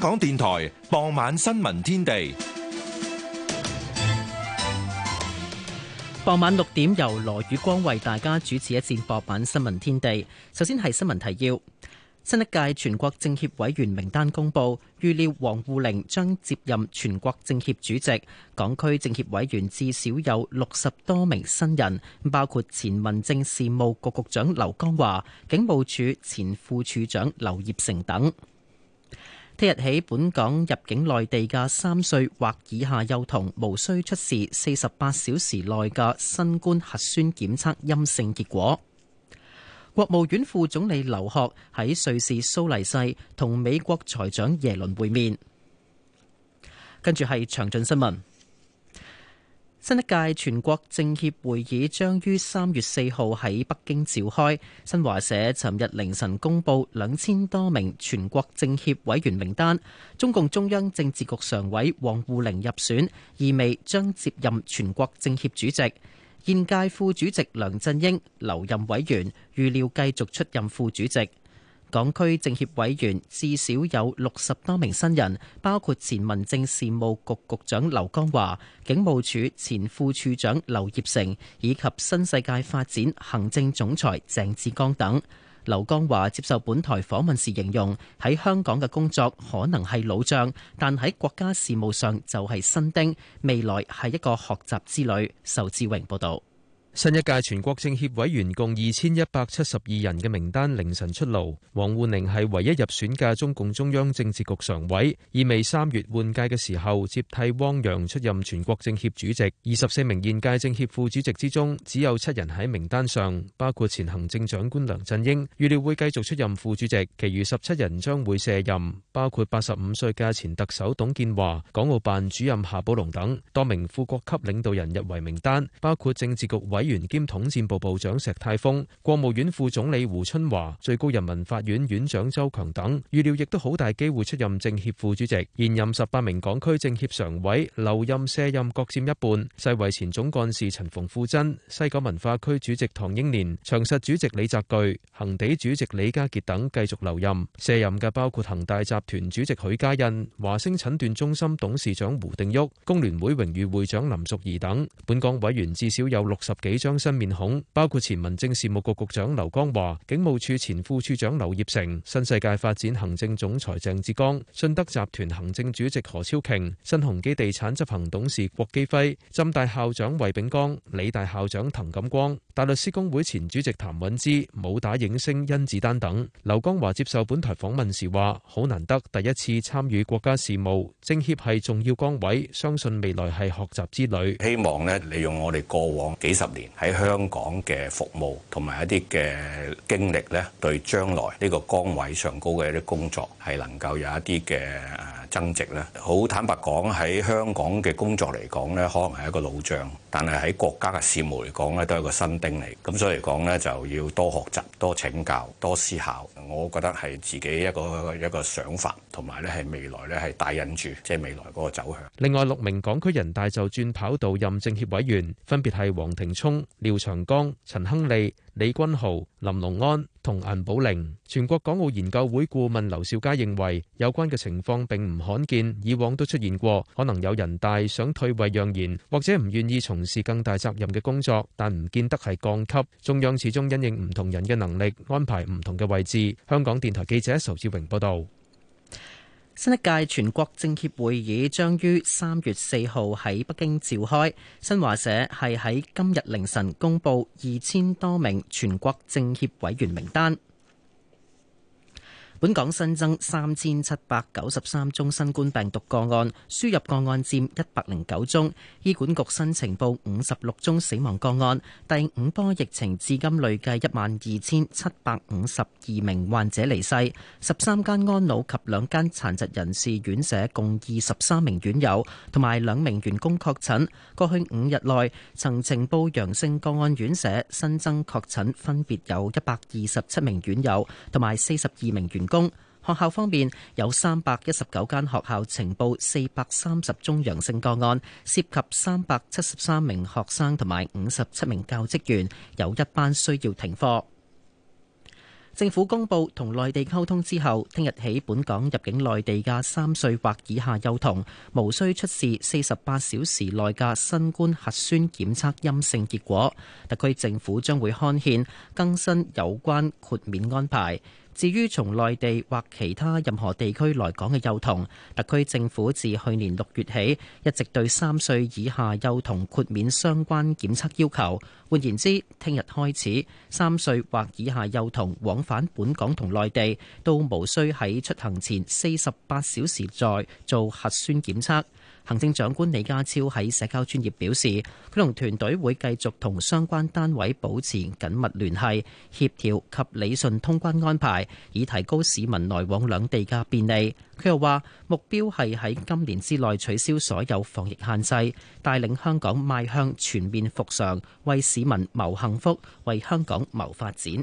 香港電台傍晚新聞天地，傍晚六點由羅宇光為大家主持一節傍晚新聞天地。首先係新聞提要：新一屆全國政協委員名單公布，預料王滬寧將接任全國政協主席。港區政協委員至少有六十多名新人，包括前民政事務局局，局長劉江華、警務處前副處長劉業成等。聽日起，本港入境內地嘅三歲或以下幼童，無需出示四十八小時內嘅新冠核酸檢測陰性結果。國務院副總理劉鶴喺瑞士蘇黎世同美國財長耶倫會面。跟住係詳盡新聞。新一屆全國政協會議將於三月四號喺北京召開。新華社尋日凌晨公布兩千多名全國政協委員名單，中共中央政治局常委王滬寧入選，意味將接任全國政協主席。現屆副主席梁振英留任委員，預料繼續出任副主席。港區政協委員至少有六十多名新人，包括前民政事務局局長劉江華、警務處前副處長劉業成以及新世界發展行政總裁鄭志剛等。劉江華接受本台訪問時形容喺香港嘅工作可能係老將，但喺國家事務上就係新丁，未來係一個學習之旅。仇志榮報道。新一屆全國政協委員共二千一百七十二人嘅名單凌晨出爐，王滬寧係唯一入選嘅中共中央政治局常委，意味三月換屆嘅時候接替汪洋出任全國政協主席。二十四名現屆政協副主席之中，只有七人喺名單上，包括前行政長官梁振英，預料會繼續出任副主席，其餘十七人將會卸任，包括八十五歲嘅前特首董建華、港澳辦主任夏寶龍等多名副國級領導人入圍名單，包括政治局委。委員兼統戰部部長石泰峰、國務院副總理胡春華、最高人民法院院長周強等，預料亦都好大機會出任政協副主席。現任十八名港區政協常委留任、卸任，各占一半。世衛前總幹事陳馮富珍、西九文化區主席唐英年、長實主席李澤钜、恒地主席李家傑等繼續留任。卸任嘅包括恒大集團主席許家印、華星診斷中心董事長胡定旭、工聯會榮譽會長林淑儀等。本港委員至少有六十幾幾張新面孔，包括前民政事務局局，局長劉江華、警務處前副處長劉業成、新世界發展行政總裁鄭志剛、信德集團行政主席何超瓊、新鴻基地產執行董事郭基輝、浸大校長魏炳光、理大校長滕錦光、大律師公會前主席譚允芝、武打影星甄子丹等。劉江華接受本台訪問時話：好難得第一次參與國家事務，政協係重要崗位，相信未來係學習之旅，希望呢利用我哋過往幾十年。喺香港嘅服務同埋一啲嘅經歷咧，對將來呢個崗位上高嘅一啲工作係能夠有一啲嘅誒增值咧。好坦白講，喺香港嘅工作嚟講咧，可能係一個老將。但係喺國家嘅事務嚟講咧，都係個新丁嚟。咁所以講咧，就要多學習、多請教、多思考。我覺得係自己一個一個想法，同埋咧係未來咧係帶引住，即係未來嗰個走向。另外六名港區人大就轉跑道任政協委員，分別係黃庭聰、廖長江、陳亨利、李君豪、林龍安同顏寶玲。全國港澳研究會顧問劉兆佳認為有關嘅情況並唔罕見，以往都出現過，可能有人大想退位讓賢，或者唔願意從事更大責任嘅工作，但唔見得係降級。中央始終因應唔同人嘅能力安排唔同嘅位置。香港電台記者仇志榮報道。新一屆全國政協會議將於三月四號喺北京召開，新華社係喺今日凌晨公布二千多名全國政協委員名單。本港新增三千七百九十三宗新冠病毒個案，輸入個案佔一百零九宗。醫管局新呈報，五十六宗死亡個案。第五波疫情至今累計一萬二千七百五十二名患者離世。十三間安老及兩間殘疾人士院舍共二十三名院友同埋兩名員工確診。過去五日內曾呈報陽性個案院舍新增確診分別有一百二十七名院友同埋四十二名員。工學校方面，有三百一十九間學校呈報四百三十宗陽性個案，涉及三百七十三名學生同埋五十七名教職員，有一班需要停課。政府公布同內地溝通之後，聽日起，本港入境內地嘅三歲或以下幼童無需出示四十八小時內嘅新冠核酸檢測陰性結果。特區政府將會刊憲更新有關豁免安排。至於從內地或其他任何地區來港嘅幼童，特區政府自去年六月起一直對三歲以下幼童豁免相關檢測要求。換言之，聽日開始，三歲或以下幼童往返本港同內地都無需喺出行前四十八小時再做核酸檢測。行政長官李家超喺社交專頁表示，佢同團隊會繼續同相關單位保持緊密聯繫，協調及理順通關安排，以提高市民來往兩地嘅便利。佢又話：目標係喺今年之內取消所有防疫限制，帶領香港邁向全面復常，為市民謀幸福，為香港謀發展。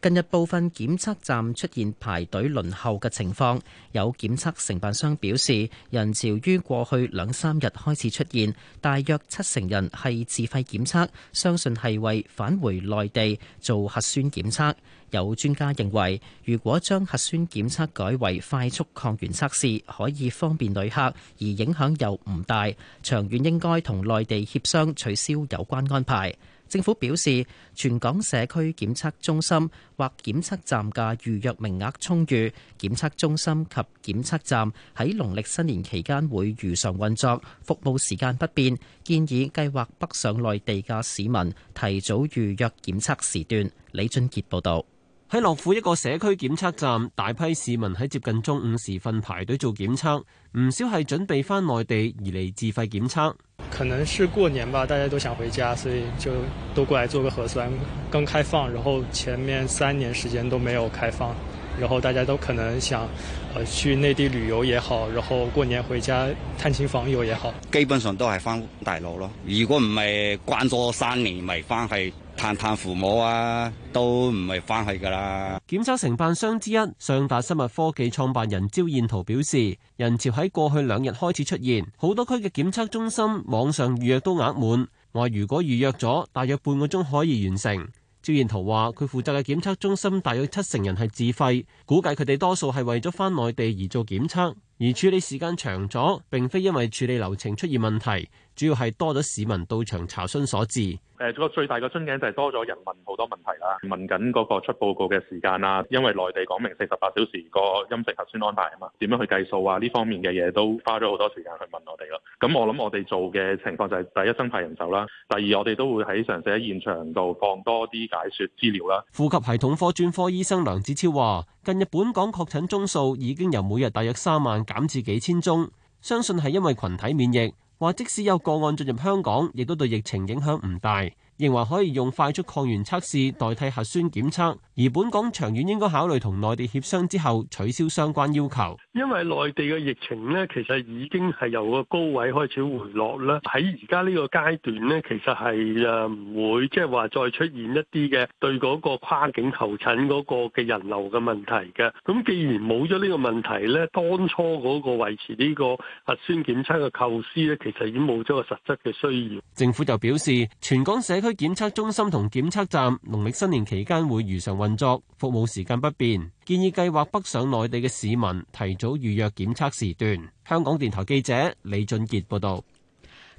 近日部分檢測站出現排隊輪候嘅情況，有檢測承辦商表示，人潮於過去兩三日開始出現，大約七成人係自費檢測，相信係為返回內地做核酸檢測。有專家認為，如果將核酸檢測改為快速抗原測試，可以方便旅客，而影響又唔大。長遠應該同內地協商取消有關安排。政府表示，全港社區檢測中心或檢測站嘅預約名額充裕，檢測中心及檢測站喺農曆新年期間會如常運作，服務時間不變。建議計劃北上內地嘅市民提早預約檢測時段。李俊傑報導。喺樂富一個社區檢測站，大批市民喺接近中午時分排隊做檢測，唔少係準備翻內地而嚟自費檢測。可能是過年吧，大家都想回家，所以就都過來做個核酸。剛開放，然後前面三年時間都沒有開放，然後大家都可能想，呃、去內地旅遊也好，然後過年回家探親訪友也好，基本上都係翻大陸咯。如果唔係關咗三年，咪翻去。探探父母啊，都唔係翻去噶啦。檢測承辦商之一上達生物科技創辦人焦燕圖表示，人潮喺過去兩日開始出現，好多區嘅檢測中心網上預約都額滿，話如果預約咗，大約半個鐘可以完成。焦燕圖話，佢負責嘅檢測中心大約七成人係自費，估計佢哋多數係為咗翻內地而做檢測。而處理時間長咗，並非因為處理流程出現問題，主要係多咗市民到場查詢所致。誒，個最大個樽頸就係多咗人問好多問題啦，問緊嗰個出報告嘅時間啦，因為內地講明四十八小時個陰性核酸安排啊嘛，點樣去計數啊？呢方面嘅嘢都花咗好多時間去問我哋咯。咁我諗我哋做嘅情況就係第一增派人手啦，第二我哋都會喺常時喺現場度放多啲解説資料啦。呼吸系統科專科醫生梁子超話。近日本港確診宗數已經由每日大約三萬減至幾千宗，相信係因為群體免疫，話即使有個案進入香港，亦都對疫情影響唔大。認為可以用快速抗原測試代替核酸檢測，而本港長遠應該考慮同內地協商之後取消相關要求。因為內地嘅疫情呢，其實已經係由個高位開始回落啦。喺而家呢個階段呢，其實係誒唔會即係話再出現一啲嘅對嗰個跨境求診嗰個嘅人流嘅問題嘅。咁既然冇咗呢個問題呢，當初嗰個維持呢個核酸檢測嘅構思呢，其實已經冇咗個實質嘅需要。政府就表示，全港社區檢測中心同檢測站農曆新年期間會如常運作，服務時間不變，建議計劃北上內地嘅市民提早預約檢測時段。香港電台記者李俊杰報道。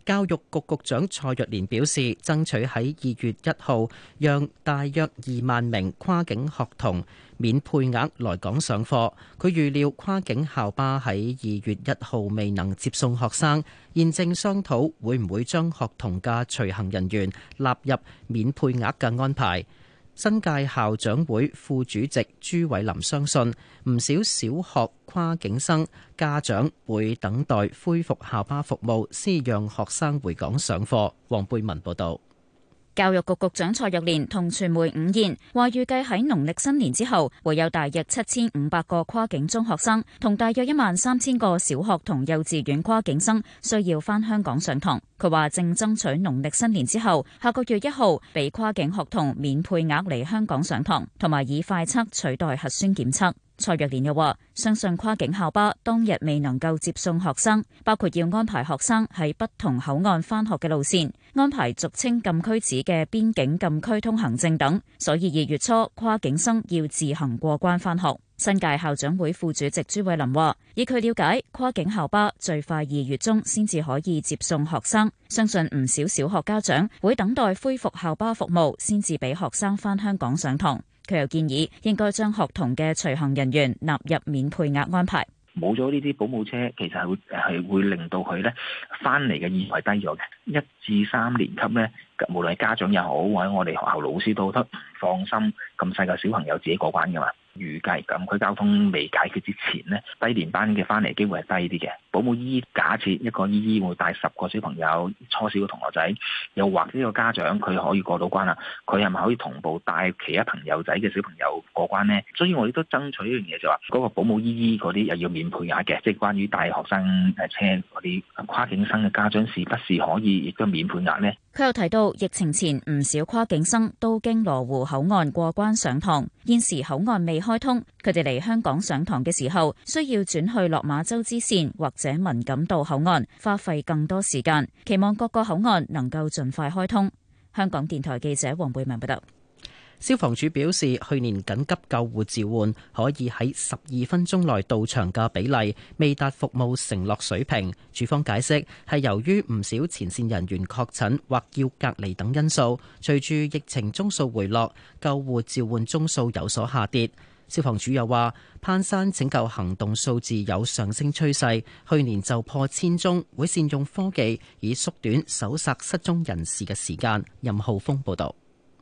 教育局局長蔡若蓮表示，爭取喺二月一號讓大約二萬名跨境學童免配額來港上課。佢預料跨境校巴喺二月一號未能接送學生，現正商討會唔會將學童嘅隨行人員納入免配額嘅安排。新界校長會副主席朱偉林相信，唔少小學跨境生家長會等待恢復校巴服務，先讓學生回港上課。黃貝文報道。教育局局長蔡若蓮同傳媒午宴，話預計喺農曆新年之後，會有大約七千五百個跨境中學生，同大約一萬三千個小學同幼稚園跨境生需要返香港上堂。佢話正爭取農曆新年之後，下個月一號俾跨境學童免配額嚟香港上堂，同埋以快測取代核酸檢測。蔡若蓮又話：相信跨境校巴當日未能夠接送學生，包括要安排學生喺不同口岸翻學嘅路線，安排俗稱禁區紙嘅邊境禁區通行證等，所以二月初跨境生要自行過關翻學。新界校長會副主席朱慧琳話：以佢了解，跨境校巴最快二月中先至可以接送學生，相信唔少小學家長會等待恢復校巴服務先至俾學生翻香港上堂。佢又建議應該將學童嘅隨行人員納入免配額安排。冇咗呢啲保姆車，其實係會係會令到佢咧翻嚟嘅意義係低咗嘅。一至三年級咧，無論係家長也好，或者我哋學校老師都覺得唔放心，咁細個小朋友自己過關㗎嘛。預計咁，佢交通未解決之前咧，低年班嘅翻嚟機會係低啲嘅。保姆姨假設一個姨姨會帶十個小朋友初小嘅同學仔，又或者一個家長佢可以過到關啦，佢係咪可以同步帶其他朋友仔嘅小朋友過關呢？所以我哋都爭取一樣嘢，就話嗰個保姆姨姨嗰啲又要免配額嘅，即係關於帶學生誒車嗰啲跨境生嘅家長是不是可以亦都免配額呢？佢又提到，疫情前唔少跨境生都經羅湖口岸過關上堂，現時口岸未開通。佢哋嚟香港上堂嘅時候，需要轉去落馬洲支線或者文錦渡口岸，花費更多時間，期望各個口岸能夠盡快開通。香港電台記者黃貝文報道。消防署表示，去年緊急救護召喚可以喺十二分鐘內到場嘅比例未達服務承諾水平。署方解釋，係由於唔少前線人員確診或要隔離等因素，隨住疫情宗數回落，救護召喚宗數有所下跌。消防處又話，攀山拯救行動數字有上升趨勢，去年就破千宗，會善用科技以縮短搜索失蹤人士嘅時間。任浩峰報導。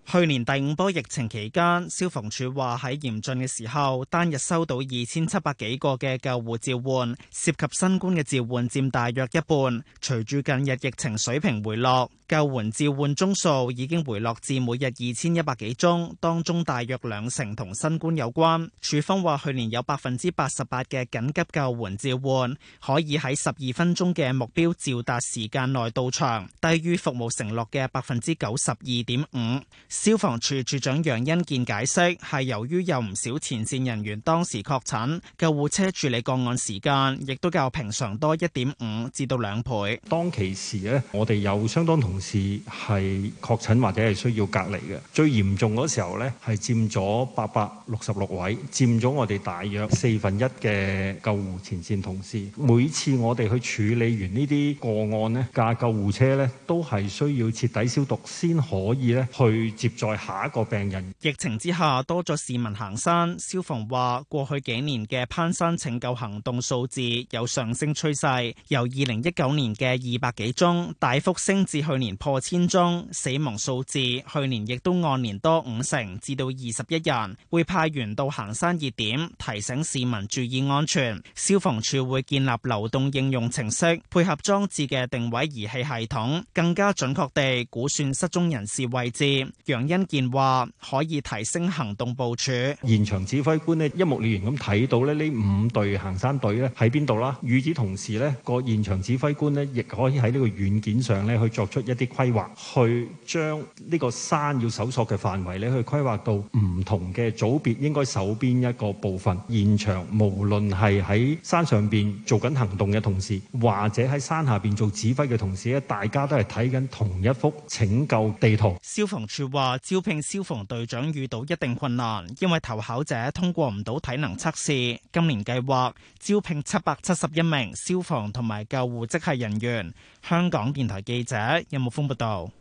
去年第五波疫情期間，消防處話喺嚴峻嘅時候，單日收到二千七百幾個嘅救護召喚，涉及新冠嘅召喚佔大約一半。隨住近日疫情水平回落，救援召喚宗數已經回落至每日二千一百幾宗，當中大約兩成同新冠有關。處方話去年有百分之八十八嘅緊急救援召喚可以喺十二分鐘嘅目標召達時間內到場，低於服務承諾嘅百分之九十二點五。消防處處長楊恩健解釋，係由於有唔少前線人員當時確診，救護車處理個案時間亦都較平常多一點五至到兩倍。當其時咧，我哋有相當同事係確診或者係需要隔離嘅。最嚴重嗰時候咧，係佔咗八百六十六位，佔咗我哋大約四分一嘅救護前線同事。每次我哋去處理完呢啲個案咧，架救護車咧都係需要徹底消毒先可以咧去。接在下一個病人。疫情之下多咗市民行山，消防話過去幾年嘅攀山拯救行動數字有上升趨勢，由二零一九年嘅二百幾宗大幅升至去年破千宗。死亡數字去年亦都按年多五成，至到二十一人，會派員到行山熱點提醒市民注意安全。消防處會建立流動應用程式，配合裝置嘅定位儀器系統，更加準確地估算失蹤人士位置。梁恩健話：可以提升行動部署。現場指揮官咧一目了然咁睇到咧，呢五隊行山隊咧喺邊度啦。與此同時咧，個現場指揮官咧亦可以喺呢個軟件上咧去作出一啲規劃，去將呢個山要搜索嘅範圍咧去規劃到唔同嘅組別應該守邊一個部分。現場無論係喺山上邊做緊行動嘅同事，或者喺山下邊做指揮嘅同事咧，大家都係睇緊同一幅拯救地圖。消防處。話招聘，消防隊長遇到一定困難，因為投考者通過唔到體能測試。今年計劃招聘七百七十一名消防同埋救護職系人員。香港電台記者任木峰報道。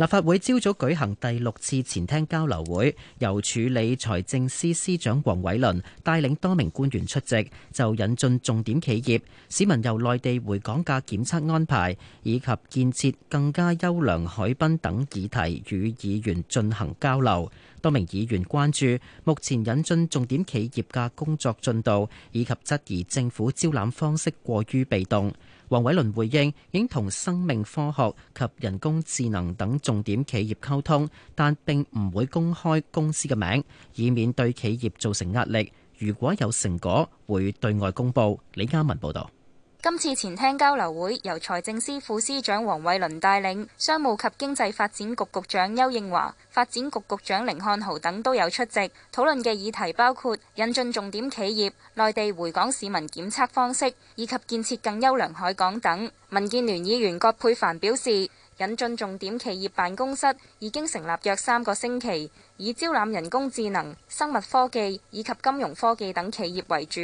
立法會朝早舉行第六次前廳交流會，由署理財政司司長黃偉綸帶領多名官員出席，就引進重點企業、市民由內地回港嘅檢測安排以及建設更加優良海濱等議題與議員進行交流。多名議員關注目前引進重點企業嘅工作進度，以及質疑政府招攬方式過於被動。黃偉倫回應，應同生命科學及人工智能等重點企業溝通，但並唔會公開公司嘅名，以免對企業造成壓力。如果有成果，會對外公布。李嘉文報道。今次前廳交流會由財政司副司長黃偉綸帶領，商務及經濟發展局局長丘應樺、發展局局長甯漢豪等都有出席。討論嘅議題包括引進重點企業、內地回港市民檢測方式以及建設更優良海港等。民建聯議員葛珮帆表示，引進重點企業辦公室已經成立約三個星期，以招攬人工智能、生物科技以及金融科技等企業為主。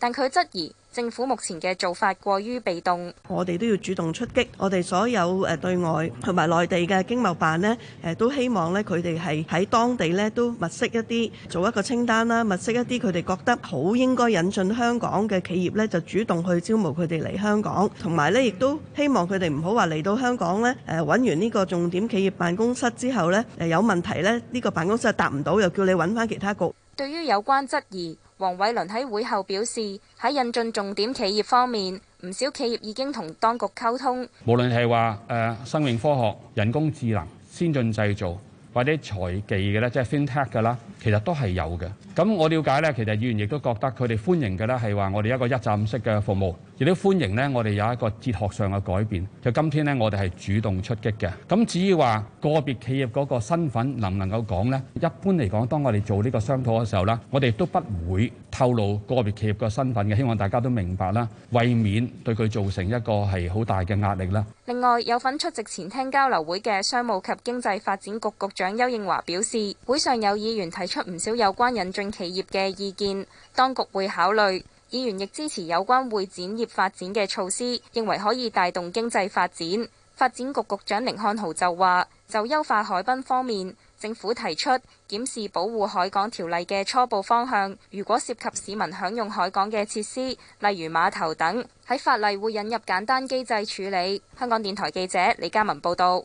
但佢質疑。政府目前嘅做法過於被動，我哋都要主動出擊。我哋所有誒對外同埋內地嘅經貿辦呢，誒都希望呢，佢哋係喺當地呢，都物色一啲，做一個清單啦，物色一啲佢哋覺得好應該引進香港嘅企業呢，就主動去招募佢哋嚟香港。同埋呢，亦都希望佢哋唔好話嚟到香港呢，誒揾完呢個重點企業辦公室之後呢，誒有問題呢，呢個辦公室答唔到，又叫你揾翻其他局。對於有關質疑。王偉倫喺會後表示，喺引進重點企業方面，唔少企業已經同當局溝通。無論係話，呃，生命科學、人工智能、先進製造。或者財技嘅咧，即係 FinTech 嘅啦，其實都係有嘅。咁我了解呢，其實議員亦都覺得佢哋歡迎嘅咧，係話我哋一個一站式嘅服務，亦都歡迎呢，我哋有一個哲學上嘅改變。就今天呢，我哋係主動出擊嘅。咁至於話個別企業嗰個身份能唔能夠講呢？一般嚟講，當我哋做呢個商討嘅時候啦，我哋都不會透露個別企業嘅身份嘅。希望大家都明白啦，為免對佢造成一個係好大嘅壓力啦。另外，有份出席前廳交流會嘅商務及經濟發展局局長。邱應華表示，會上有議員提出唔少有關引進企業嘅意見，當局會考慮。議員亦支持有關會展業發展嘅措施，認為可以帶動經濟發展。發展局局長寧漢豪就話，就優化海濱方面，政府提出檢視保護海港條例嘅初步方向，如果涉及市民享用海港嘅設施，例如碼頭等，喺法例會引入簡單機制處理。香港電台記者李嘉文報道。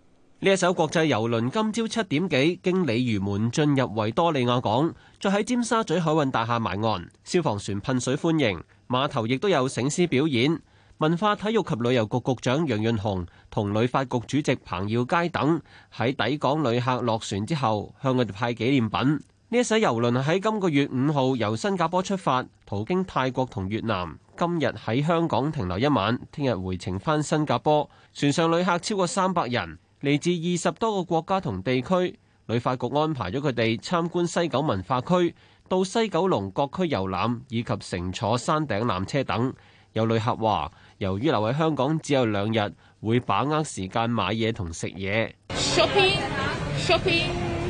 呢一艘國際遊輪今朝七點幾經鯉魚門進入維多利亞港，再喺尖沙咀海運大廈埋岸，消防船噴水歡迎，碼頭亦都有醒獅表演。文化體育及旅遊局局，局長楊潤雄同旅發局主席彭耀佳等喺抵港旅客落船之後，向佢哋派紀念品。呢一艘遊輪喺今個月五號由新加坡出發，途經泰國同越南，今日喺香港停留一晚，聽日回程返新加坡。船上旅客超過三百人。嚟自二十多個國家同地區，旅發局安排咗佢哋參觀西九文化區，到西九龍各區遊覽以及乘坐山頂纜車等。有旅客話，由於留喺香港只有兩日，會把握時間買嘢同食嘢。Shopping, Shopping.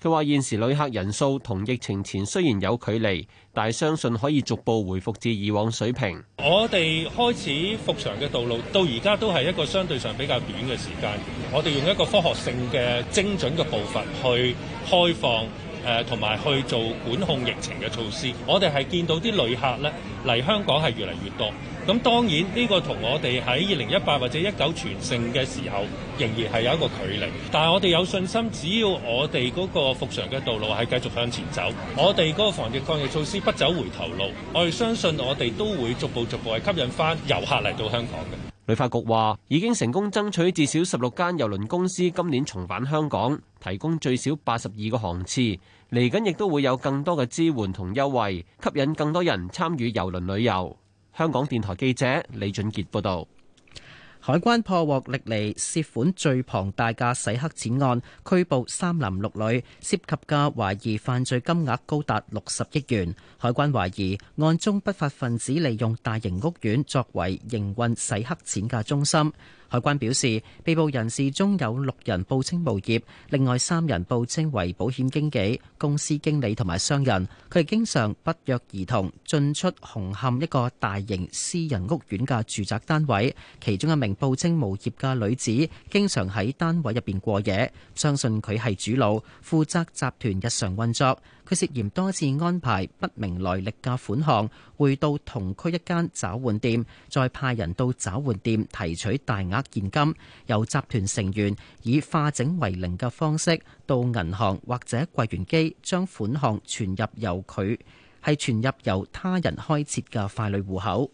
佢話：現時旅客人數同疫情前雖然有距離，但相信可以逐步回復至以往水平。我哋開始復常嘅道路到而家都係一個相對上比較短嘅時間。我哋用一個科學性嘅精準嘅步伐去開放。誒同埋去做管控疫情嘅措施，我哋係見到啲旅客咧嚟香港係越嚟越多，咁當然呢個同我哋喺二零一八或者一九全盛嘅時候，仍然係有一個距離，但係我哋有信心，只要我哋嗰個復常嘅道路係繼續向前走，我哋嗰個防疫抗疫措施不走回頭路，我哋相信我哋都會逐步逐步係吸引翻遊客嚟到香港嘅。旅發局話，已經成功爭取至少十六間郵輪公司今年重返香港，提供最少八十二個航次。嚟緊亦都會有更多嘅支援同優惠，吸引更多人參與郵輪旅遊。香港電台記者李俊杰報道。海關破獲歷嚟涉款最龐大嘅洗黑錢案，拘捕三男六女，涉及嘅懷疑犯罪金額高達六十億元。海關懷疑案中不法分子利用大型屋苑作為營運洗黑錢嘅中心。海關表示，被捕人士中有六人報稱無業，另外三人報稱為保險經紀、公司經理同埋商人。佢哋經常不約而同進出紅磡一個大型私人屋苑嘅住宅單位。其中一名報稱無業嘅女子經常喺單位入邊過夜，相信佢係主腦，負責集團日常運作。佢涉嫌多次安排不明來歷嘅款項匯到同區一間找換店，再派人到找換店提取大額現金，由集團成員以化整為零嘅方式到銀行或者櫃員機將款項存入由佢係存入由他人開設嘅傀儡戶口。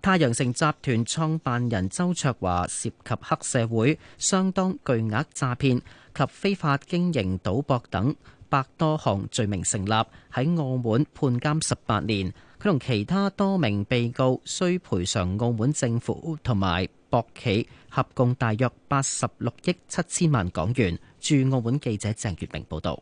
太陽城集團創辦人周焯華涉及黑社會，相當巨額詐騙。及非法經營賭博等百多項罪名成立，喺澳門判監十八年。佢同其他多名被告需賠償澳門政府同埋博企合共大約八十六億七千萬港元。駐澳門記者鄭月明報道。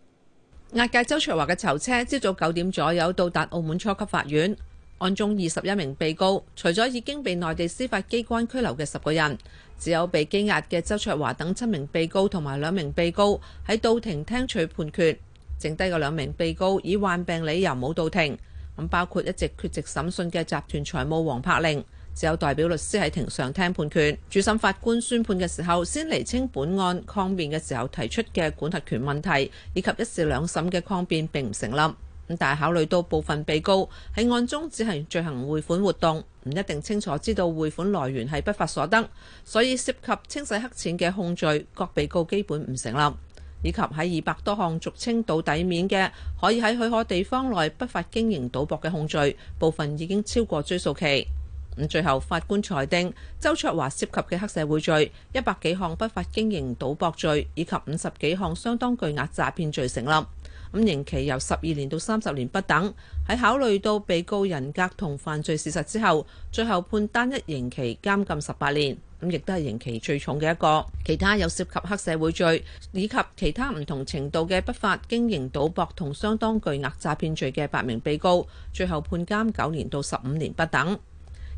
押解周焯華嘅囚車，朝早九點左右到達澳門初級法院。案中二十一名被告，除咗已經被內地司法機關拘留嘅十個人，只有被羈押嘅周卓華等七名被告同埋兩名被告喺到庭聽取判決，剩低嘅兩名被告以患病理由冇到庭，咁包括一直缺席審訊嘅集團財務黃柏鈴，只有代表律師喺庭上聽判決。主審法官宣判嘅時候，先厘清本案抗辯嘅時候提出嘅管轄權問題，以及一事兩審嘅抗辯並唔成立。咁但考慮到部分被告喺案中只係進行匯款活動，唔一定清楚知道匯款來源係不法所得，所以涉及清洗黑錢嘅控罪，各被告基本唔成立。以及喺二百多項俗稱到底面嘅可以喺許可地方內不法經營賭博嘅控罪，部分已經超過追訴期。咁最後法官裁定，周卓華涉及嘅黑社會罪一百幾項不法經營賭博罪，以及五十幾項相當巨額詐騙罪罪成立。咁刑期由十二年到三十年不等，喺考慮到被告人格同犯罪事實之後，最後判單一刑期監禁十八年，咁亦都係刑期最重嘅一個。其他有涉及黑社會罪以及其他唔同程度嘅不法經營賭博同相當巨額詐騙罪嘅八名被告，最後判監九年到十五年不等。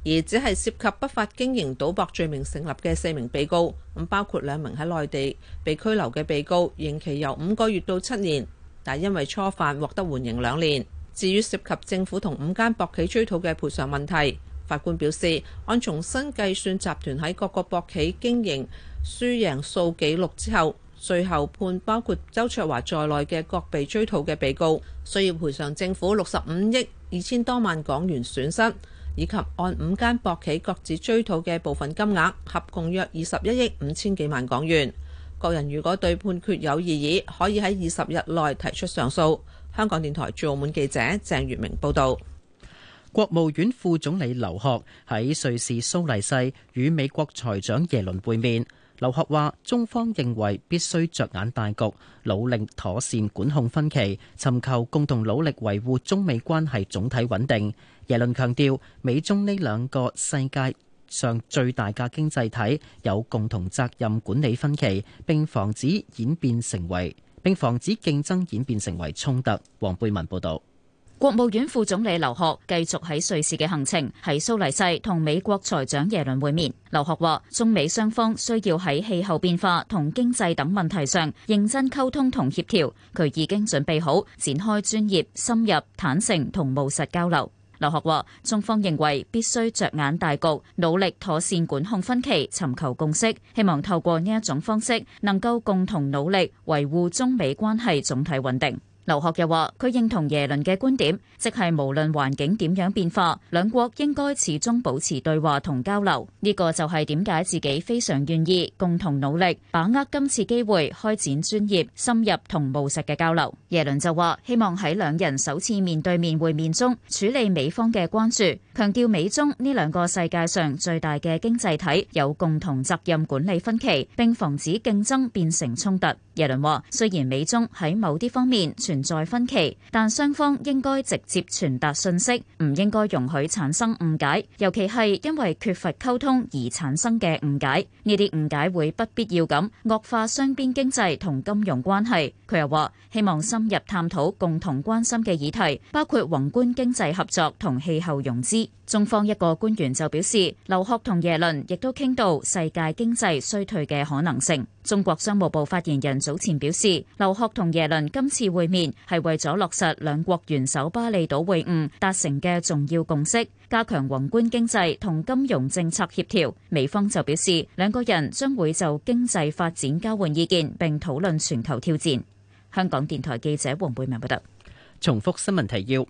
而只係涉及不法經營賭博罪名成立嘅四名被告，咁包括兩名喺內地被拘留嘅被告，刑期由五個月到七年。但因為初犯，獲得緩刑兩年。至於涉及政府同五間博企追討嘅賠償問題，法官表示，按重新計算集團喺各個博企經營輸贏數記錄之後，最後判包括周卓華在內嘅各被追討嘅被告，需要賠償政府六十五億二千多萬港元損失，以及按五間博企各自追討嘅部分金額合共約二十一億五千幾萬港元。個人如果對判決有異議，可以喺二十日內提出上訴。香港電台駐澳門記者鄭月明報導。國務院副總理劉鶴喺瑞士蘇黎世與美國財長耶倫會面。劉鶴話：中方認為必須着眼大局，努力妥善管控分歧，尋求共同努力維護中美關係總體穩定。耶倫強調：美中呢兩個世界上最大嘅經濟體有共同責任管理分歧，並防止演變成為並防止競爭演變成為衝突。黃貝文報導。國務院副總理劉鶴繼續喺瑞士嘅行程，喺蘇黎世同美國財長耶倫會面。劉鶴話：中美雙方需要喺氣候變化同經濟等問題上認真溝通同協調。佢已經準備好展開專業、深入、坦誠同務實交流。劉學話：中方認為必須着眼大局，努力妥善管控分歧，尋求共識，希望透過呢一種方式，能夠共同努力維護中美關係總體穩定。劉鶴又話：佢認同耶倫嘅觀點，即係無論環境點樣變化，兩國應該始終保持對話同交流。呢個就係點解自己非常願意共同努力，把握今次機會，開展專業、深入同務實嘅交流。耶倫就話：希望喺兩人首次面對面會面中處理美方嘅關注，強調美中呢兩個世界上最大嘅經濟體有共同責任管理分歧，並防止競爭變成衝突。耶倫話：雖然美中喺某啲方面，存在分歧，但雙方應該直接傳達信息，唔應該容許產生誤解，尤其係因為缺乏溝通而產生嘅誤解。呢啲誤解會不必要咁惡化雙邊經濟同金融關係。佢又話希望深入探討共同關心嘅議題，包括宏觀經濟合作同氣候融資。中方一個官員就表示，劉鶴同耶倫亦都傾到世界經濟衰退嘅可能性。中國商務部發言人早前表示，劉鶴同耶倫今次會面係為咗落實兩國元首巴厘島會晤達成嘅重要共識，加強宏觀經濟同金融政策協調。美方就表示，兩個人將會就經濟發展交換意見，並討論全球挑戰。香港電台記者黃貝明報道。重複新聞提要：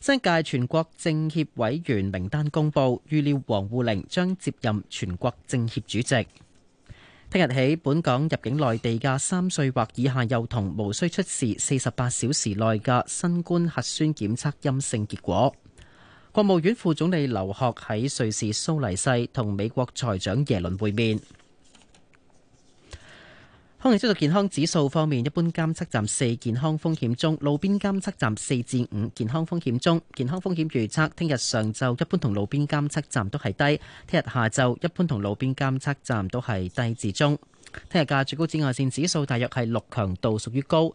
新一屆全國政協委員名單公布，預料王滬寧將接任全國政協主席。聽日起，本港入境內地嘅三歲或以下幼童，無需出示四十八小時內嘅新冠核酸檢測陰性結果。國務院副總理劉鶴喺瑞士蘇黎世同美國財長耶倫會面。空氣質量健康指數方面，一般監測站四健康風險中，路邊監測站四至五健康風險中。健康風險預測，聽日上晝一般同路邊監測站都係低，聽日下晝一般同路邊監測站都係低至中。聽日嘅最高紫外線指數大約係六，強度屬於高。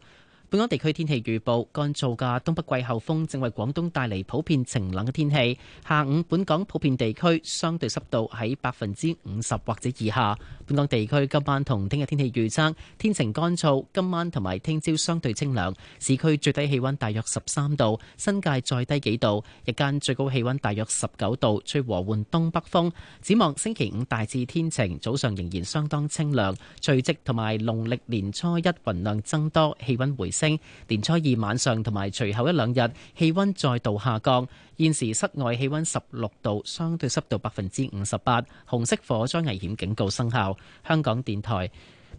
本港地區天氣預報，乾燥嘅東北季候風正為廣東帶嚟普遍晴冷嘅天氣。下午，本港普遍地區相對濕度喺百分之五十或者以下。本港地區今晚同聽日天氣預測，天晴乾燥，今晚同埋聽朝相對清涼，市區最低氣溫大約十三度，新界再低幾度。日間最高氣溫大約十九度，吹和緩東北風，展望星期五大致天晴，早上仍然相當清涼，除夕同埋農曆年初一雲量增多，氣溫回升。稱年初二晚上同埋隨後一兩日氣溫再度下降。現時室外氣溫十六度，相對濕度百分之五十八，紅色火災危險警告生效。香港電台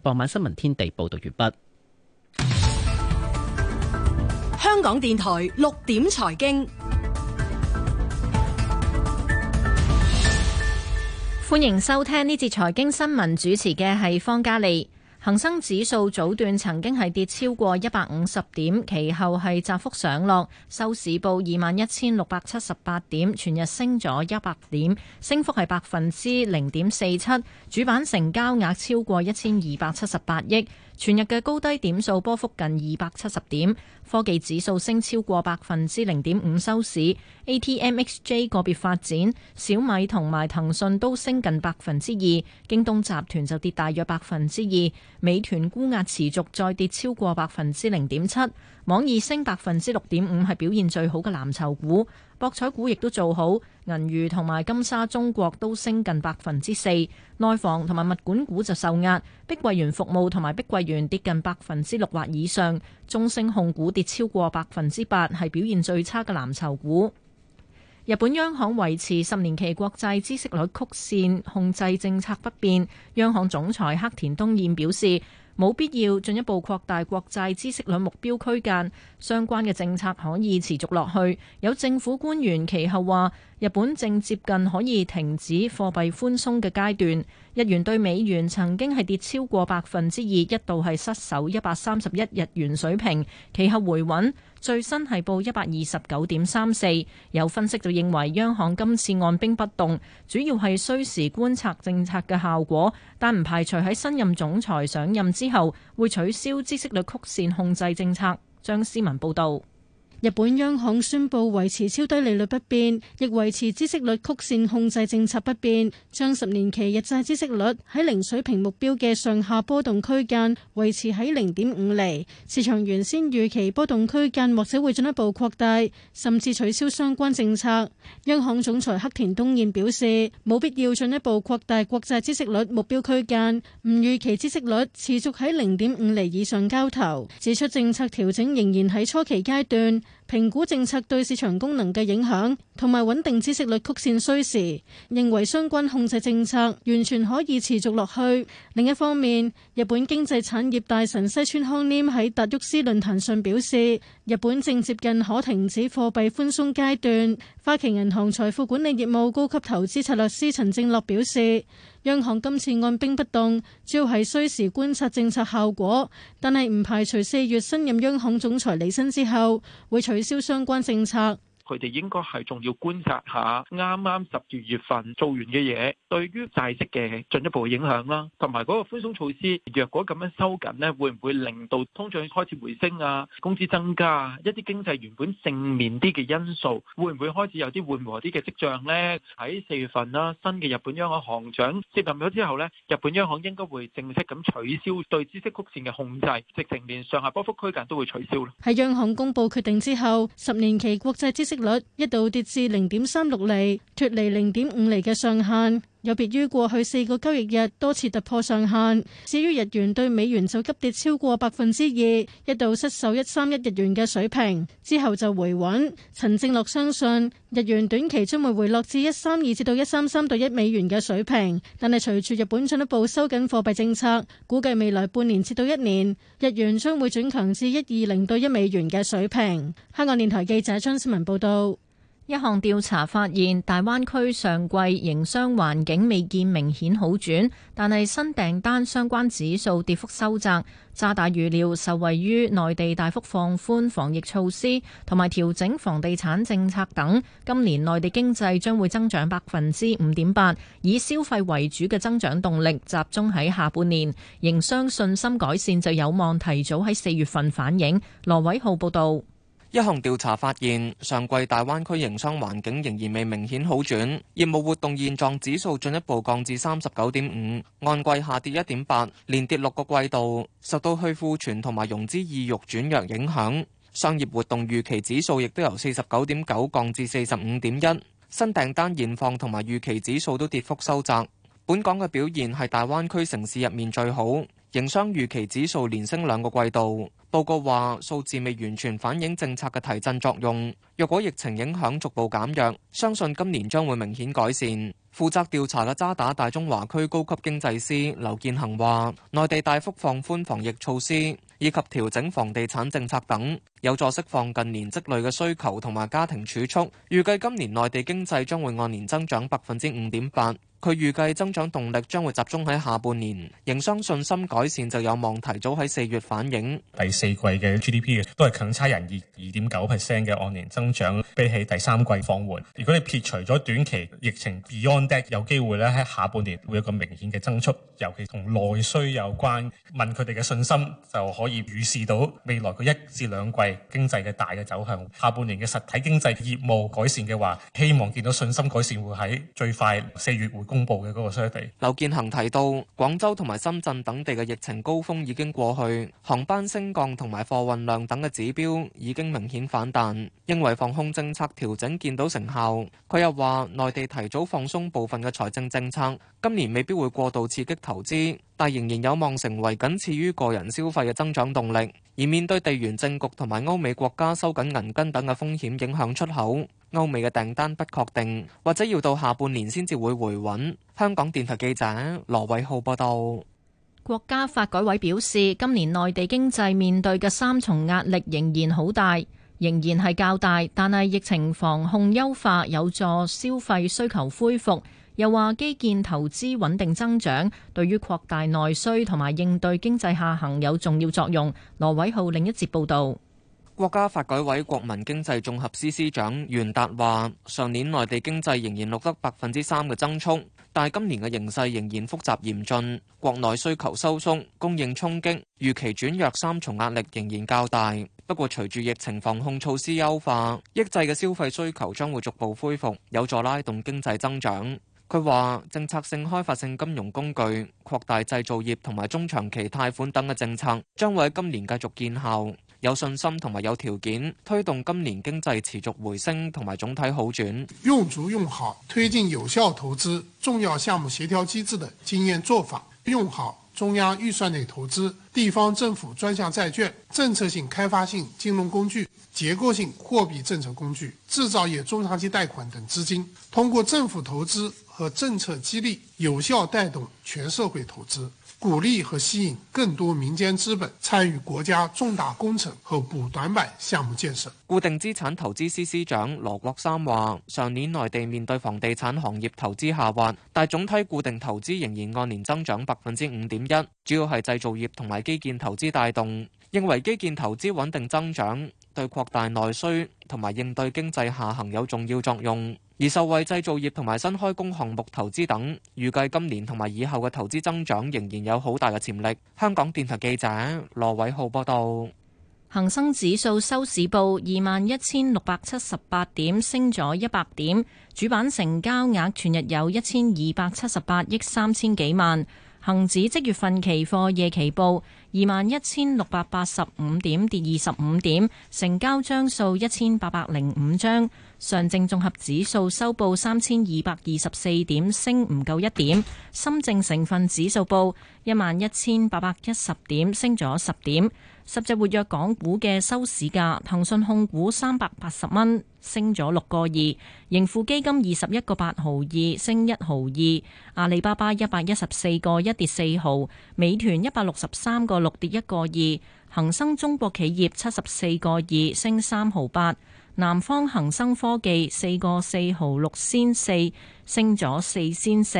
傍晚新聞天地報道完畢。香港電台六點財經，歡迎收聽呢節財經新聞，主持嘅係方嘉莉。恒生指數早段曾經係跌超過一百五十點，其後係窄幅上落，收市報二萬一千六百七十八點，全日升咗一百點，升幅係百分之零點四七。主板成交額超過一千二百七十八億，全日嘅高低點數波幅近二百七十點。科技指數升超過百分之零點五，收市。ATMXJ 個別發展，小米同埋騰訊都升近百分之二，京東集團就跌大約百分之二。美團沽壓持續再跌超過百分之零點七，網易升百分之六點五係表現最好嘅藍籌股，博彩股亦都做好，銀娛同埋金沙中國都升近百分之四，內房同埋物管股就受壓，碧桂園服務同埋碧桂園跌近百分之六或以上，中升控股跌超過百分之八，係表現最差嘅藍籌股。日本央行維持十年期國債孳息率曲線控制政策不變，央行總裁黑田東彥表示冇必要進一步擴大國債孳息率目標區間，相關嘅政策可以持續落去。有政府官員其後話，日本正接近可以停止貨幣寬鬆嘅階段。日元兌美元曾經係跌超過百分之二，一度係失守一百三十一日元水平，其後回穩。最新係報一百二十九點三四，有分析就認為央行今次按兵不動，主要係需時觀察政策嘅效果，但唔排除喺新任總裁上任之後會取消孳息率曲線控制政策。張思文報導。日本央行宣布維持超低利率不變，亦維持孳息率曲線控制政策不變，將十年期日債孳息率喺零水平目標嘅上下波動區間維持喺零點五厘。市場原先預期波動區間或者會進一步擴大，甚至取消相關政策。央行總裁黑田東彥表示，冇必要進一步擴大國債孳息率目標區間，唔預期孳息率持續喺零點五厘以上交投，指出政策調整仍然喺初期階段。評估政策對市場功能嘅影響，同埋穩定知識率曲線需時，認為相關控制政策完全可以持續落去。另一方面，日本經濟產業大臣西村康稔喺達沃斯論壇上表示，日本正接近可停止貨幣寬鬆階段。花旗銀行財富管理業務高級投資策略師陳正樂表示。央行今次按兵不動，主要係需時觀察政策效果，但係唔排除四月新任央行總裁履新之後會取消相關政策。佢哋應該係仲要觀察下啱啱十二月份做完嘅嘢，對於債息嘅進一步影響啦，同埋嗰個寬鬆措施若果咁樣收緊呢，會唔會令到通脹開始回升啊？工資增加啊，一啲經濟原本正面啲嘅因素會唔會開始有啲緩和啲嘅跡象呢？喺四月份啦，新嘅日本央行行長接任咗之後呢，日本央行應該會正式咁取消對孳息曲線嘅控制，直情連上下波幅區間都會取消咯。喺央行公布決定之後，十年期國際孳息率一度跌至零點三六厘，脫離零點五厘嘅上限。有別於過去四個交易日多次突破上限，至於日元對美元就急跌超過百分之二，一度失守一三一日元嘅水平，之後就回穩。陳正樂相信日元短期將會回落至一三二至到一三三對一美元嘅水平，但係隨住日本進一步收緊貨幣政策，估計未來半年至到一年，日元將會轉強至一二零對一美元嘅水平。香港電台記者張思文報道。一項調查發現，大灣區上季營商環境未見明顯好轉，但係新訂單相關指數跌幅收窄。渣打預料，受惠於內地大幅放寬防疫措施同埋調整房地產政策等，今年內地經濟將會增長百分之五點八，以消費為主嘅增長動力集中喺下半年，營商信心改善就有望提早喺四月份反映。羅偉浩報道。一項調查發現，上季大灣區營商環境仍然未明顯好轉，業務活動現狀指數進一步降至三十九點五，按季下跌一點八，連跌六個季度，受到去庫存同埋融資意欲轉弱影響。商業活動預期指數亦都由四十九點九降至四十五點一，新訂單現況同埋預期指數都跌幅收窄。本港嘅表現係大灣區城市入面最好。營商預期指數連升兩個季度，報告話數字未完全反映政策嘅提振作用。若果疫情影響逐步減弱，相信今年將會明顯改善。負責調查嘅渣打大中華區高級經濟師劉建恒話，內地大幅放寬防疫措施，以及調整房地產政策等，有助釋放近年積累嘅需求同埋家庭儲蓄。預計今年內地經濟將會按年增長百分之五點八。佢預計增長動力將會集中喺下半年，營商信心改善就有望提早喺四月反映。第四季嘅 GDP 都係強差人意，二點九 percent 嘅按年增長，比起第三季放緩。如果你撇除咗短期疫情，Beyond that 有機會咧喺下半年會有個明顯嘅增速，尤其同內需有關，問佢哋嘅信心就可以預示到未來佢一至兩季經濟嘅大嘅走向。下半年嘅實體經濟業務改善嘅話，希望見到信心改善會喺最快四月會。公布嘅嗰個衰退。劉建恆提到，廣州同埋深圳等地嘅疫情高峰已經過去，航班升降同埋貨運量等嘅指標已經明顯反彈，認為防控政策調整見到成效。佢又話內地提早放鬆部分嘅財政政策，今年未必會過度刺激投資，但仍然有望成為僅次於個人消費嘅增長動力。而面對地緣政局同埋歐美國家收緊銀根等嘅風險影響出口。歐美嘅訂單不確定，或者要到下半年先至會回穩。香港電台記者羅偉浩報道。國家發改委表示，今年內地經濟面對嘅三重壓力仍然好大，仍然係較大，但係疫情防控優化有助消費需求恢復，又話基建投資穩定增長，對於擴大內需同埋應對經濟下行有重要作用。羅偉浩另一節報導。國家發改委國民經濟綜合司司長袁達話：上年內地經濟仍然錄得百分之三嘅增速，但係今年嘅形勢仍然複雜嚴峻，國內需求收縮、供應衝擊、預期轉弱三重壓力仍然較大。不過，隨住疫情防控措施優化，抑制嘅消費需求將會逐步恢復，有助拉動經濟增長。佢話，政策性、開發性金融工具擴大製造業同埋中長期貸款等嘅政策，將會喺今年繼續見效。有信心同埋有條件推動今年經濟持續回升，同埋總體好轉。用足用好推進有效投資重要項目協調機制的經驗做法，用好中央預算內投資、地方政府專項債券、政策性開發性金融工具、結構性貨幣政策工具、製造業中長期貸款等資金，通過政府投資和政策激勵，有效帶動全社會投資。鼓勵和吸引更多民間資本參與國家重大工程和補短板項目建設。固定資產投資司司長羅國三話：上年內地面對房地產行業投資下滑，但總體固定投資仍然按年增長百分之五點一，主要係製造業同埋基建投資帶動。認為基建投資穩定增長。對擴大內需同埋應對經濟下行有重要作用，而受惠製造業同埋新開工項目投資等，預計今年同埋以後嘅投資增長仍然有好大嘅潛力。香港電台記者羅偉浩報道，恒生指數收市報二萬一千六百七十八點，升咗一百點，主板成交額全日有一千二百七十八億三千幾萬。恒指即月份期貨夜期報二萬一千六百八十五點，跌二十五點，成交張數一千八百零五張。上證綜合指數收報三千二百二十四點，升唔夠一點。深證成分指數報一萬一千八百一十點，升咗十點。十隻活躍港股嘅收市價，騰訊控股三百八十蚊。升咗六個二，盈富基金二十一個八毫二，升一毫二。阿里巴巴一百一十四個一跌四毫，美團一百六十三個六跌一個二，恒生中國企業七十四個二升三毫八，南方恒生科技四個四毫六仙四，升咗四仙四。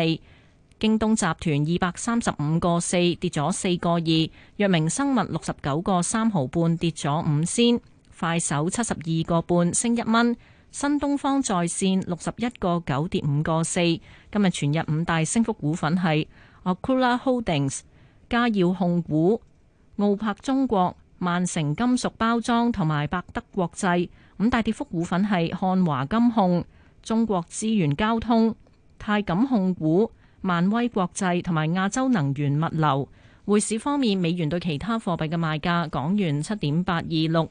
京東集團二百三十五個四跌咗四個二，藥明生物六十九個三毫半跌咗五仙。快手七十二個半升一蚊，新東方在線六十一個九跌五個四。今日全日五大升幅股份係 Acula Holdings、嘉耀控股、奧柏中國、萬成金屬包裝同埋百德國際。五大跌幅股份係漢華金控、中國資源交通、泰錦控股、萬威國際同埋亞洲能源物流。匯市方面，美元對其他貨幣嘅賣價，港元七點八二六。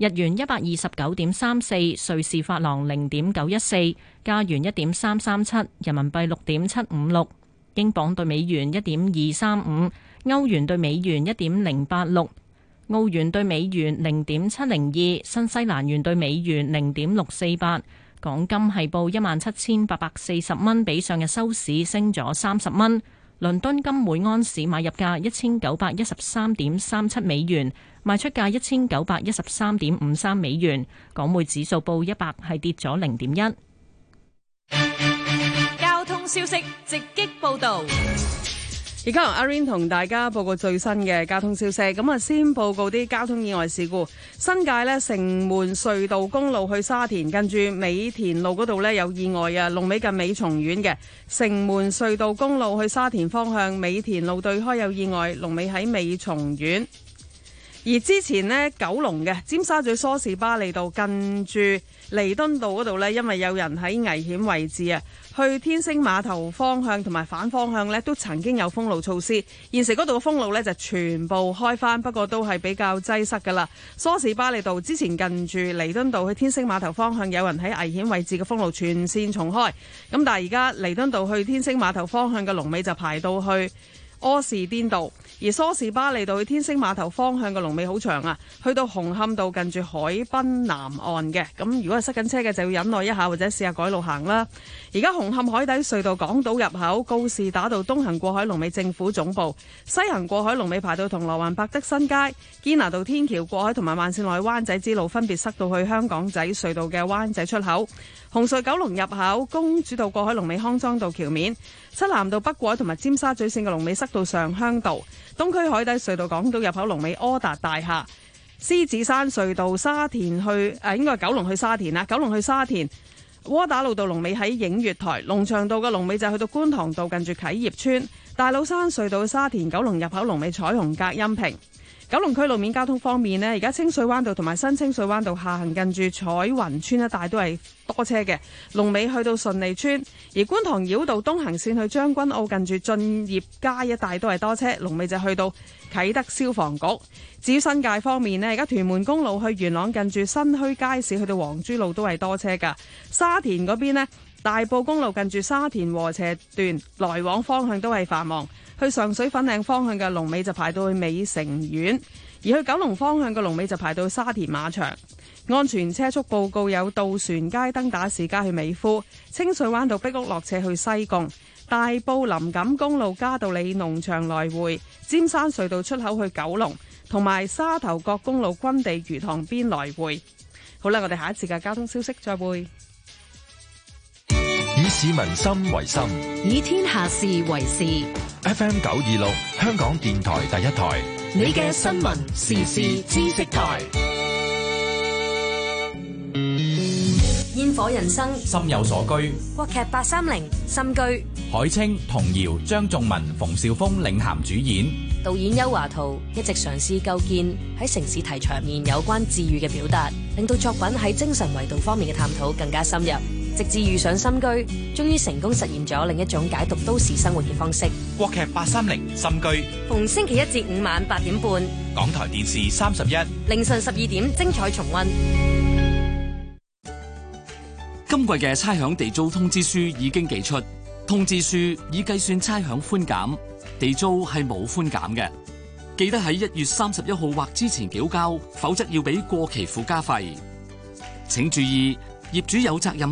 日元一百二十九點三四，瑞士法郎零點九一四，加元一點三三七，人民幣六點七五六，英鎊兌美元一點二三五，歐元兌美元一點零八六，澳元兌美元零點七零二，新西蘭元兌美元零點六四八。港金係報一萬七千八百四十蚊，比上日收市升咗三十蚊。倫敦金每安士買入價一千九百一十三點三七美元，賣出價一千九百一十三點五三美元。港匯指數報一百，係跌咗零點一。交通消息直擊報道。而家由阿 rain 同大家報告最新嘅交通消息。咁啊，先報告啲交通意外事故。新界呢，城門隧道公路去沙田，跟住美田路嗰度呢，有意外啊，龍尾近美松苑嘅城門隧道公路去沙田方向，美田路對開有意外，龍尾喺美松苑。而之前呢，九龍嘅尖沙咀梳士巴利道近住彌敦道嗰度呢，因為有人喺危險位置啊。去天星碼頭方向同埋反方向呢，都曾經有封路措施。現時嗰度嘅封路呢就全部開返，不過都係比較擠塞㗎啦。梳士巴利道之前近住彌敦道去天星碼頭方向有人喺危險位置嘅封路，全線重開。咁但係而家彌敦道去天星碼頭方向嘅龍尾就排到去柯士甸道。而梳士巴利道去天星碼頭方向嘅龍尾好長啊，去到紅磡道近住海濱南岸嘅，咁如果係塞緊車嘅就要忍耐一下，或者試下改路行啦。而家紅磡海底隧道港島入口告士打道東行過海龍尾政府總部，西行過海龍尾排到銅鑼灣百德新街、堅拿道天橋過海同埋慢線內灣仔之路，分別塞到去香港仔隧道嘅灣仔出口，紅隧九龍入口公主道過海龍尾康莊道橋面。漆咸道北果同埋尖沙咀線嘅龍尾塞到上鄉道，東區海底隧道港島入口龍尾柯達大廈，獅子山隧道沙田去誒、啊，應該係九龍去沙田啦，九龍去沙田，窩打老道龍尾喺映月台，龍翔道嘅龍尾就去到觀塘道近住啟業村，大老山隧道沙田九龍入口龍尾彩虹隔音屏。九龍區路面交通方面咧，而家清水灣道同埋新清水灣道下行近住彩雲村一帶都係多車嘅，龍尾去到順利村；而觀塘繞道東行線去將軍澳近住駿業街一帶都係多車，龍尾就去到啟德消防局。至於新界方面咧，而家屯門公路去元朗近住新墟街市去到皇珠路都係多車噶。沙田嗰邊咧，大埔公路近住沙田禾輋段來往方向都係繁忙。去上水粉嶺方向嘅龍尾就排到去美城苑，而去九龍方向嘅龍尾就排到沙田馬場。安全車速報告有渡船街登打士街去美孚，清水灣道壁屋落斜去西貢，大埔林錦公路嘉道理農場來回，尖山隧道出口去九龍，同埋沙頭角公路軍地魚塘邊來回。好啦，我哋下一次嘅交通消息再會。以市民心為心，以天下事為事。FM 九二六，香港電台第一台。你嘅新聞、時事、知識台。煙火人生，心有所居。國劇八三零，心居。海清、童瑤、張仲文、馮紹峰領銜主演。導演邱華圖一直嘗試構建喺城市題材入面有關治愈嘅表達，令到作品喺精神維度方面嘅探討更加深入。直至遇上心居，終於成功實現咗另一種解讀都市生活嘅方式。國劇八三零心居，逢星期一至五晚八點半，港台電視三十一，凌晨十二點精彩重温。今季嘅差餉地租通知書已經寄出，通知書已計算差餉寬減，地租係冇寬減嘅。記得喺一月三十一號或之前繳交，否則要俾過期附加費。請注意，業主有責任。